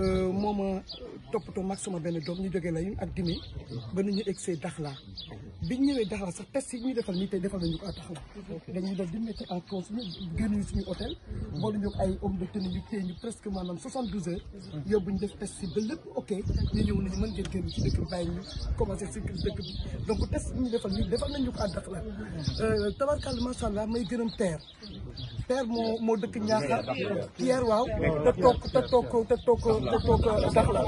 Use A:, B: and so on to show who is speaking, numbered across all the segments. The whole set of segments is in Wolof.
A: Euh, moo ma toppatoo mag sama benn doom ñu jógee layun ak dimi ba nañu egsee Dakhla biñ ñëwee Dakhla sax test yi ñuy defal nii tey defal nañu ko à Dakhla dañuy def di mettre en consigne génnuñu suñu hôtel boolu ñu ay homme de tenue ñu ñu presque maanaam soixante douze heures yóbbu def test yi ba lépp ok ñu ñëw nañu mën ngeen génn ci dëkk bi ñu commencé cycle dëkk bi donc test yi ñu defal nii defal nañu ko à Dakhla euh, tabarkàlla may gërëm teer teer moo moo dëkk ñaaxar teer waaw te toog te toog def euh, ko Dakhla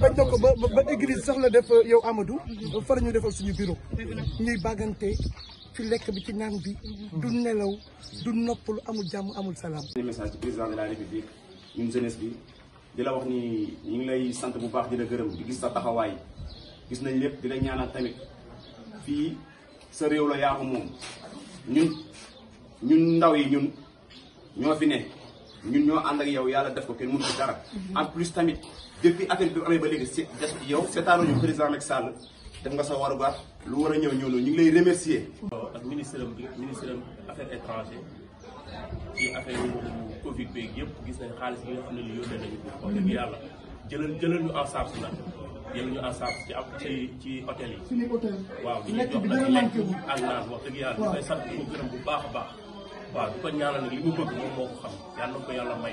A: bañ na ko ba ba église sax la def euh, yow Amadou fa la ñu defal suñu bureau ñuy bàggante ci lekk bi ci naan bi du nelaw du noppalu amul jàmm amul salaam message
B: du président la république ñun jeunesse bi dina wax ni ñu ngi lay sant bu baax di la gërëm di gis sa taxawaay gis nañ lépp di la ñaanal tamit fii sa réew la yaa moom ñun ñun ndaw yi ñun ñoo fi ne ñun ñoo ànd ak yow yàlla def ko kenn mënu ci dara. Mhm. en plus tamit depuis affaire bi amee ba léegi si yow seetaanoo ñu président Macky Sall def nga a baax lu war a ñëw ñëw ñu ngi lay remercier. ak ministre bi ministre affaires étrangères ci affaire Covid beeg
C: yëpp gis ne xaalis bi nga xam ne li yónnee nañu ko. wax dëgg yàlla jëlal jëlal ñu en charge nag jëlal ñu en charge ci ab ci ci yi. waaw ñu jox nag lekk ak naan wax dëgg yàlla ñu koy sant ko gërëm bu baax a baax. waaw di ko ñaanal nag li mu bëgg moom moo ko xam yàlla na ko yàlla may.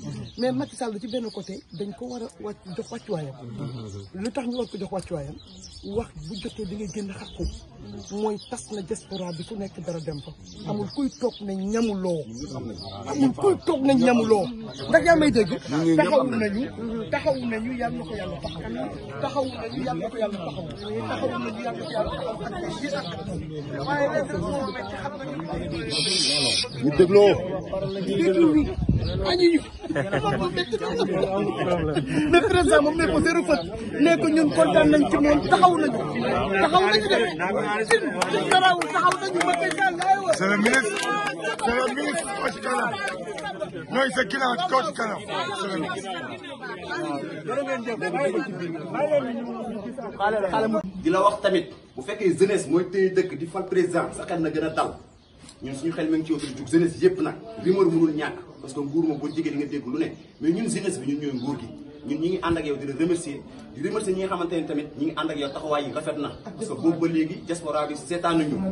A: mais Macky Sall ci benn côté dañ ko war a wàcc jox wàccuwaayam mhm. lu tax ñu war ko jox wàccuwaayam wax bu jotee da ngay génn xàqu mooy tas na diaspora bi fu nekk dara dem fa amul kuy toog na ñamuloo amul kuy toog yaa may dégg taxaw nañu na ko yàlla na ko yàlla taxaw taxaw nañu na ko yàlla taxaw waaye léegi nag moo métti ñu dégloo déglu añuñu ne ko zéro faute ne ko ñun kontaan nañ ci moom taxaw nañu taxaw nañu de C'est le ministre. C'est le ministre Kocc Kalam. Non, c'est Kila Kocc
B: Kalam. C'est le ministre. di la wax tamit bu fekkee jeunesse mooy téye dëkk di fal président sa xel na gën a dal ñun suñu xel mi ngi ci wotu jug jeunesse yëpp nag rumeur mënul ñàkk parce que nguur moom boo jigéen li nga dégg lu ne mais ñun jeunesse bi ñun ñooy nguur gi ñun ñi ngi ànd ak yow di la di remercier ñi nga ne tamit ñi ngi ànd ak yow taxawaay yi rafet na parce boobu ba léegi diaspora bi seetaanuñu ñu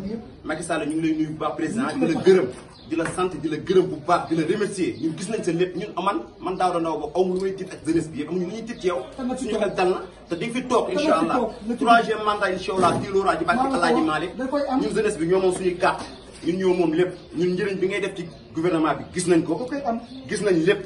B: ngi lay nuyu bu baax président di la gërëm di la sant ñun gis nañ sa lépp ñun aman man daaw da ndaw ba bi na te di nga fi toog incha allah troisième mandat incha allah fii looraa ji bàkki alaaji Maalik ñun jeunesse bi ñoo moom suñuy carte ñun ñoo moom lépp ñun njëriñ bi ngay def ci gouvernement bi gis nañ ko gis nañ lépp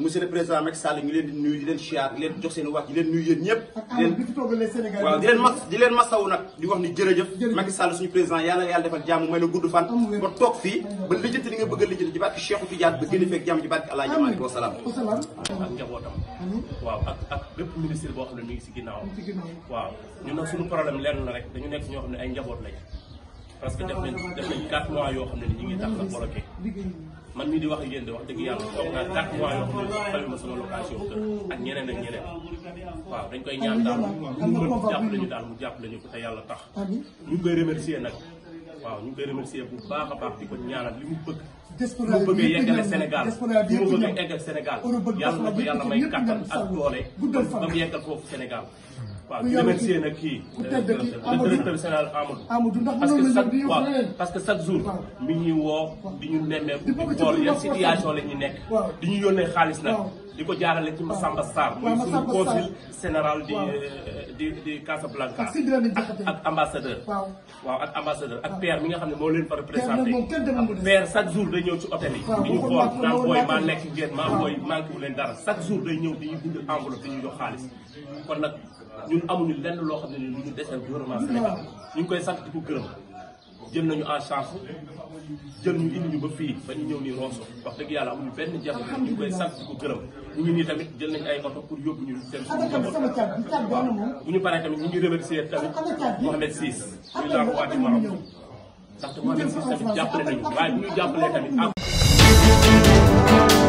B: monsieur le président Macky Sall ñu leen di nuyu di leen siyaar di leen jox seen wàcc di leen nuyu yéen ñëpp
A: di leen waaw di leen mas
B: di leen masawu nag di wax ni jërëjëf Macky Sall suñu président yàlla yàlla defal jàmm may la gudd fan ba toog fii ba lijjanti li nga bëgg a lijjanti ci Cheikhou Tidiane ba gën a fekk jàmm ci barke Alaaji Maalik wa
C: ak njabootam waaw ak ak bépp ministre boo xam ne mi ngi si ginnaaw waaw ñun nag suñu problème lenn la rek dañu nekk ñoo xam ay njaboot lañ parce que def nañ def nañ mois ngi tax la bloqué man mii di wax ak yéen de wax dëgg yàlla toog naa quatre mois yoo xam ne fayuma sama location kër ak ñeneen ak ñeneen waaw dañ koy ñaan daal mu jàpp lañu daal mu jàpp lañu ko te yàlla tax ñu ngi koy remercier nag waaw ñu ngi koy remercier bu baax a baax di ko ñaanal li mu bëgg
A: bu mu bëggee yeggale Sénégal
C: bu mu bëggee eggal Sénégal yàlla ma ko yàlla may kàttan ak doole ba mu yeggal foofu Sénégal waaw di remercier nag kii euh, le directeur général Amadou.
A: Amadou ndax mënoon nañu waaw
C: parce que chaque jour. mi ñuy woo di ñu nemmeeku di xool yan situation la ñuy nekk. di ñu yónnee xaalis na di ko jaarale ci Massamba Sarr muy suñu consul général di di di Casablanca ak ambassadeur waaw ak ambassadeur ak père mi nga xam ne moo leen fa représenté père chaque jour day ñëw ci hôtel yi di ñu xool naan booy maa nekk ngeen maa booy manqué wu leen dara chaque jour day ñëw di ñu bindal enveloppe di ñu jox xaalis kon nag ñun amuñu lenn loo xam ne ni lu ñu deseel gouvernement Sénégal ñu ngi koy sant di ko gërëm jël nañu en charge jël ñu indi ñu ba fii ba ñu ñëw nii Rosso wax dëgg yàlla amuñu benn jafe-jafe ñu koy sant di ko gërëm ñu ngi nii tamit jël nañu ay oto pour yóbbu ñu seen suñu njaboot bu ñu paree tamit ñu ngi remercier tamit Mohamed Ciss président roi du Maroc ndaxte Mohamed Ciss tamit jàppale nañu waaye bu ñu jàppalee tamit